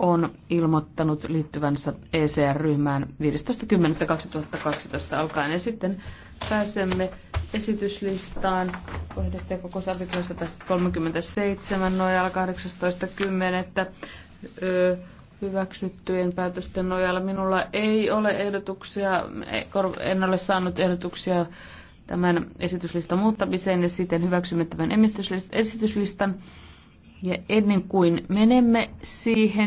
on ilmoittanut liittyvänsä ECR-ryhmään 15.10.2012 alkaen. Ja sitten pääsemme esityslistaan. Kohdettiin koko 37 nojalla 18.10. hyväksyttyjen päätösten nojalla. Minulla ei ole ehdotuksia, e, en ole saanut ehdotuksia tämän esityslistan muuttamiseen ja sitten hyväksymme tämän esityslistan. Ja ennen kuin menemme siihen,